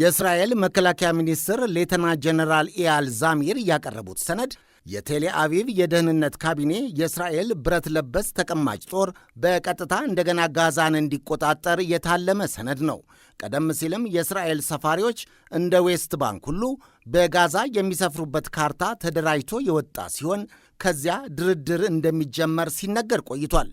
የእስራኤል መከላከያ ሚኒስትር ሌተና ጀነራል ኢያል ዛሚር ያቀረቡት ሰነድ የቴሌ አቪቭ የደህንነት ካቢኔ የእስራኤል ብረት ለበስ ተቀማጭ ጦር በቀጥታ እንደገና ጋዛን እንዲቆጣጠር የታለመ ሰነድ ነው። ቀደም ሲልም የእስራኤል ሰፋሪዎች እንደ ዌስት ባንክ ሁሉ በጋዛ የሚሰፍሩበት ካርታ ተደራጅቶ የወጣ ሲሆን ከዚያ ድርድር እንደሚጀመር ሲነገር ቆይቷል።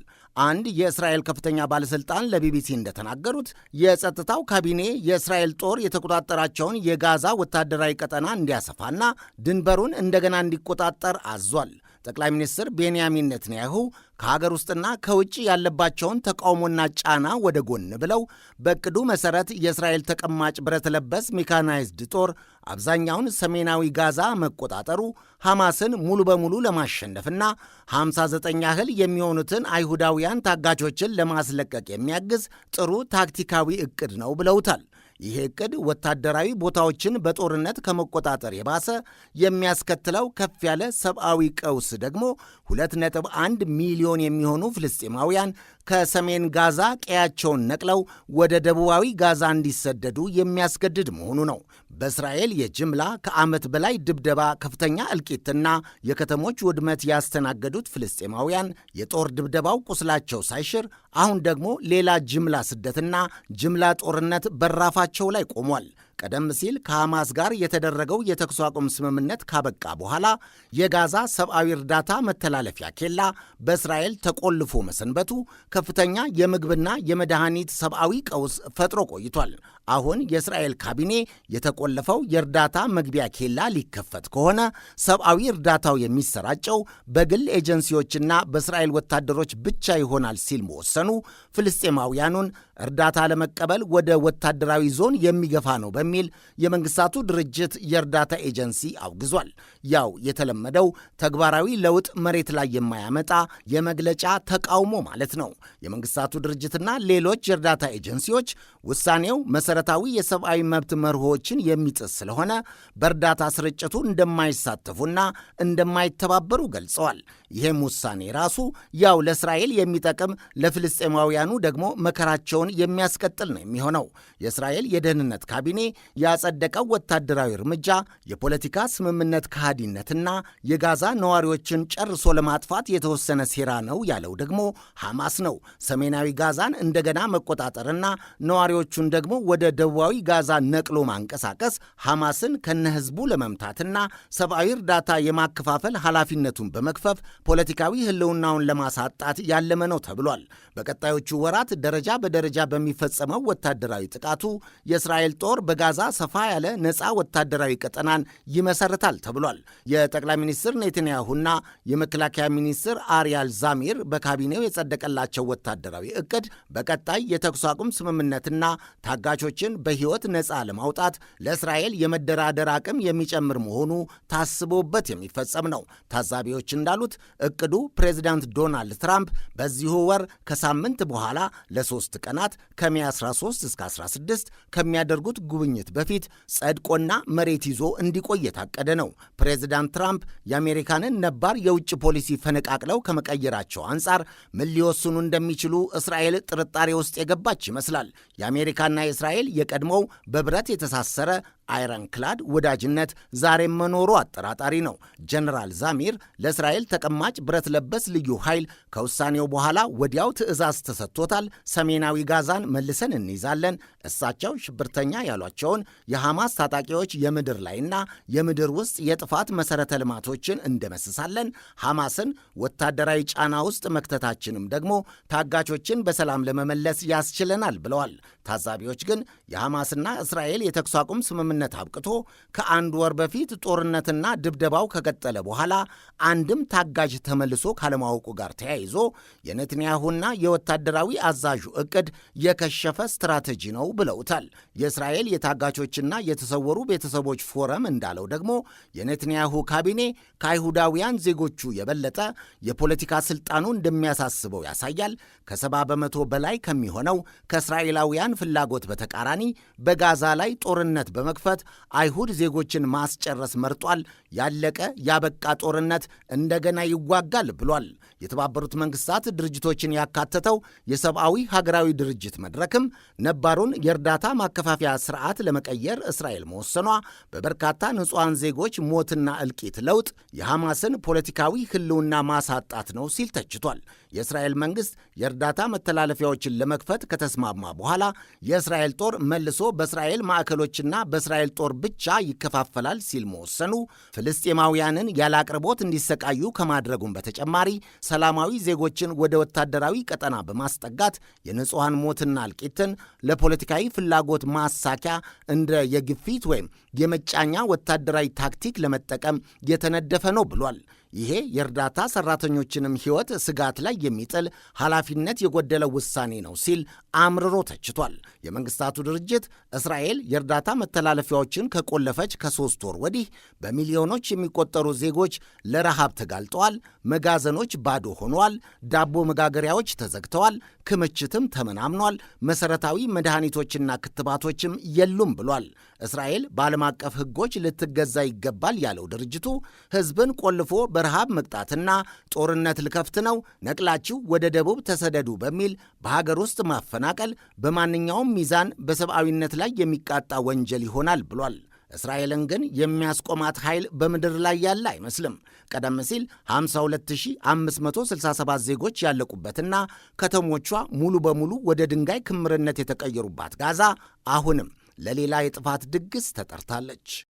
አንድ የእስራኤል ከፍተኛ ባለሥልጣን ለቢቢሲ እንደተናገሩት የጸጥታው ካቢኔ የእስራኤል ጦር የተቆጣጠራቸውን የጋዛ ወታደራዊ ቀጠና እንዲያሰፋና ድንበሩን እንደገና እንዲቆጣጠር አዟል። ጠቅላይ ሚኒስትር ቤንያሚን ነትንያሁ ከሀገር ውስጥና ከውጭ ያለባቸውን ተቃውሞና ጫና ወደ ጎን ብለው በእቅዱ መሠረት የእስራኤል ተቀማጭ ብረት ለበስ ሜካናይዝድ ጦር አብዛኛውን ሰሜናዊ ጋዛ መቆጣጠሩ ሐማስን ሙሉ በሙሉ ለማሸነፍና 59 ያህል የሚሆኑትን አይሁዳውያን ታጋቾችን ለማስለቀቅ የሚያግዝ ጥሩ ታክቲካዊ እቅድ ነው ብለውታል። ይሄ ዕቅድ ወታደራዊ ቦታዎችን በጦርነት ከመቆጣጠር የባሰ የሚያስከትለው ከፍ ያለ ሰብአዊ ቀውስ ደግሞ 2.1 ሚሊዮን የሚሆኑ ፍልስጤማውያን ከሰሜን ጋዛ ቀያቸውን ነቅለው ወደ ደቡባዊ ጋዛ እንዲሰደዱ የሚያስገድድ መሆኑ ነው። በእስራኤል የጅምላ ከዓመት በላይ ድብደባ፣ ከፍተኛ እልቂትና የከተሞች ውድመት ያስተናገዱት ፍልስጤማውያን የጦር ድብደባው ቁስላቸው ሳይሽር አሁን ደግሞ ሌላ ጅምላ ስደትና ጅምላ ጦርነት በራፋቸው ላይ ቆሟል። ቀደም ሲል ከሐማስ ጋር የተደረገው የተኩስ አቁም ስምምነት ካበቃ በኋላ የጋዛ ሰብአዊ እርዳታ መተላለፊያ ኬላ በእስራኤል ተቆልፎ መሰንበቱ ከፍተኛ የምግብና የመድኃኒት ሰብአዊ ቀውስ ፈጥሮ ቆይቷል። አሁን የእስራኤል ካቢኔ የተቆለፈው የእርዳታ መግቢያ ኬላ ሊከፈት ከሆነ ሰብአዊ እርዳታው የሚሰራጨው በግል ኤጀንሲዎችና በእስራኤል ወታደሮች ብቻ ይሆናል ሲል መወሰኑ ፍልስጤማውያኑን እርዳታ ለመቀበል ወደ ወታደራዊ ዞን የሚገፋ ነው በሚል የመንግስታቱ ድርጅት የእርዳታ ኤጀንሲ አውግዟል። ያው የተለመደው ተግባራዊ ለውጥ መሬት ላይ የማያመጣ የመግለጫ ተቃውሞ ማለት ነው። የመንግስታቱ ድርጅትና ሌሎች የእርዳታ ኤጀንሲዎች ውሳኔው መሰረታዊ የሰብአዊ መብት መርሆችን የሚጥስ ስለሆነ በእርዳታ ስርጭቱ እንደማይሳተፉና እንደማይተባበሩ ገልጸዋል። ይህም ውሳኔ ራሱ ያው ለእስራኤል የሚጠቅም ለፍልስጤማውያኑ ደግሞ መከራቸውን እርምጃውን የሚያስቀጥል ነው የሚሆነው። የእስራኤል የደህንነት ካቢኔ ያጸደቀው ወታደራዊ እርምጃ የፖለቲካ ስምምነት ከሃዲነትና የጋዛ ነዋሪዎችን ጨርሶ ለማጥፋት የተወሰነ ሴራ ነው ያለው ደግሞ ሐማስ ነው። ሰሜናዊ ጋዛን እንደገና መቆጣጠርና ነዋሪዎቹን ደግሞ ወደ ደቡባዊ ጋዛ ነቅሎ ማንቀሳቀስ ሐማስን ከነህዝቡ ለመምታትና ሰብአዊ እርዳታ የማከፋፈል ኃላፊነቱን በመክፈፍ ፖለቲካዊ ህልውናውን ለማሳጣት ያለመ ነው ተብሏል። በቀጣዮቹ ወራት ደረጃ በደረጃ ደረጃ በሚፈጸመው ወታደራዊ ጥቃቱ የእስራኤል ጦር በጋዛ ሰፋ ያለ ነፃ ወታደራዊ ቀጠናን ይመሰርታል ተብሏል። የጠቅላይ ሚኒስትር ኔትንያሁና የመከላከያ ሚኒስትር አሪያል ዛሚር በካቢኔው የጸደቀላቸው ወታደራዊ እቅድ በቀጣይ የተኩስ አቁም ስምምነትና ታጋቾችን በሕይወት ነፃ ለማውጣት ለእስራኤል የመደራደር አቅም የሚጨምር መሆኑ ታስቦበት የሚፈጸም ነው። ታዛቢዎች እንዳሉት እቅዱ ፕሬዚዳንት ዶናልድ ትራምፕ በዚሁ ወር ከሳምንት በኋላ ለሶስት ቀናት አባላት ከሚያ 13 እስከ 16 ከሚያደርጉት ጉብኝት በፊት ጸድቆና መሬት ይዞ እንዲቆይ የታቀደ ነው። ፕሬዚዳንት ትራምፕ የአሜሪካንን ነባር የውጭ ፖሊሲ ፈነቃቅለው ከመቀየራቸው አንጻር ምን ሊወስኑ እንደሚችሉ እስራኤል ጥርጣሬ ውስጥ የገባች ይመስላል። የአሜሪካና የእስራኤል የቀድሞው በብረት የተሳሰረ አይረንክላድ ወዳጅነት ዛሬም መኖሩ አጠራጣሪ ነው። ጀነራል ዛሚር ለእስራኤል ተቀማጭ ብረት ለበስ ልዩ ኃይል ከውሳኔው በኋላ ወዲያው ትዕዛዝ ተሰጥቶታል። ሰሜናዊ ጋዛን መልሰን እንይዛለን። እሳቸው ሽብርተኛ ያሏቸውን የሐማስ ታጣቂዎች የምድር ላይና የምድር ውስጥ የጥፋት መሠረተ ልማቶችን እንደመስሳለን። ሐማስን ወታደራዊ ጫና ውስጥ መክተታችንም ደግሞ ታጋቾችን በሰላም ለመመለስ ያስችለናል ብለዋል። ታዛቢዎች ግን የሐማስና እስራኤል የተኩስ አቁም ስምምነ ስምምነት አብቅቶ ከአንድ ወር በፊት ጦርነትና ድብደባው ከቀጠለ በኋላ አንድም ታጋጅ ተመልሶ ካለማወቁ ጋር ተያይዞ የነትንያሁና የወታደራዊ አዛዡ ዕቅድ የከሸፈ ስትራቴጂ ነው ብለውታል። የእስራኤል የታጋቾችና የተሰወሩ ቤተሰቦች ፎረም እንዳለው ደግሞ የነትንያሁ ካቢኔ ከአይሁዳውያን ዜጎቹ የበለጠ የፖለቲካ ስልጣኑ እንደሚያሳስበው ያሳያል። ከሰባ በመቶ በላይ ከሚሆነው ከእስራኤላውያን ፍላጎት በተቃራኒ በጋዛ ላይ ጦርነት በመክፈል ለመክፈት አይሁድ ዜጎችን ማስጨረስ መርጧል። ያለቀ ያበቃ ጦርነት እንደገና ይዋጋል ብሏል። የተባበሩት መንግስታት ድርጅቶችን ያካተተው የሰብአዊ ሀገራዊ ድርጅት መድረክም ነባሩን የእርዳታ ማከፋፈያ ስርዓት ለመቀየር እስራኤል መወሰኗ በበርካታ ንጹሐን ዜጎች ሞትና እልቂት ለውጥ የሐማስን ፖለቲካዊ ህልውና ማሳጣት ነው ሲል ተችቷል። የእስራኤል መንግስት የእርዳታ መተላለፊያዎችን ለመክፈት ከተስማማ በኋላ የእስራኤል ጦር መልሶ በእስራኤል ማዕከሎችና በእስራኤል የእስራኤል ጦር ብቻ ይከፋፈላል ሲል መወሰኑ ፍልስጤማውያንን ያለ አቅርቦት እንዲሰቃዩ ከማድረጉም በተጨማሪ ሰላማዊ ዜጎችን ወደ ወታደራዊ ቀጠና በማስጠጋት የንጹሐን ሞትና እልቂትን ለፖለቲካዊ ፍላጎት ማሳኪያ እንደ የግፊት ወይም የመጫኛ ወታደራዊ ታክቲክ ለመጠቀም የተነደፈ ነው ብሏል። ይሄ የእርዳታ ሰራተኞችንም ሕይወት ስጋት ላይ የሚጥል ኃላፊነት የጎደለው ውሳኔ ነው ሲል አምርሮ ተችቷል። የመንግስታቱ ድርጅት እስራኤል የእርዳታ መተላለፊያዎችን ከቆለፈች ከሦስት ወር ወዲህ በሚሊዮኖች የሚቆጠሩ ዜጎች ለረሃብ ተጋልጠዋል፣ መጋዘኖች ባዶ ሆነዋል፣ ዳቦ መጋገሪያዎች ተዘግተዋል፣ ክምችትም ተመናምኗል፣ መሰረታዊ መድኃኒቶችና ክትባቶችም የሉም ብሏል። እስራኤል በዓለም አቀፍ ሕጎች ልትገዛ ይገባል ያለው ድርጅቱ ሕዝብን ቆልፎ በረሃብ መቅጣትና ጦርነት ልከፍት ነው፣ ነቅላችሁ ወደ ደቡብ ተሰደዱ በሚል በሀገር ውስጥ ማፈናቀል በማንኛውም ሚዛን በሰብአዊነት ላይ የሚቃጣ ወንጀል ይሆናል ብሏል። እስራኤልን ግን የሚያስቆማት ኃይል በምድር ላይ ያለ አይመስልም። ቀደም ሲል 52567 ዜጎች ያለቁበትና ከተሞቿ ሙሉ በሙሉ ወደ ድንጋይ ክምርነት የተቀየሩባት ጋዛ አሁንም ለሌላ የጥፋት ድግስ ተጠርታለች።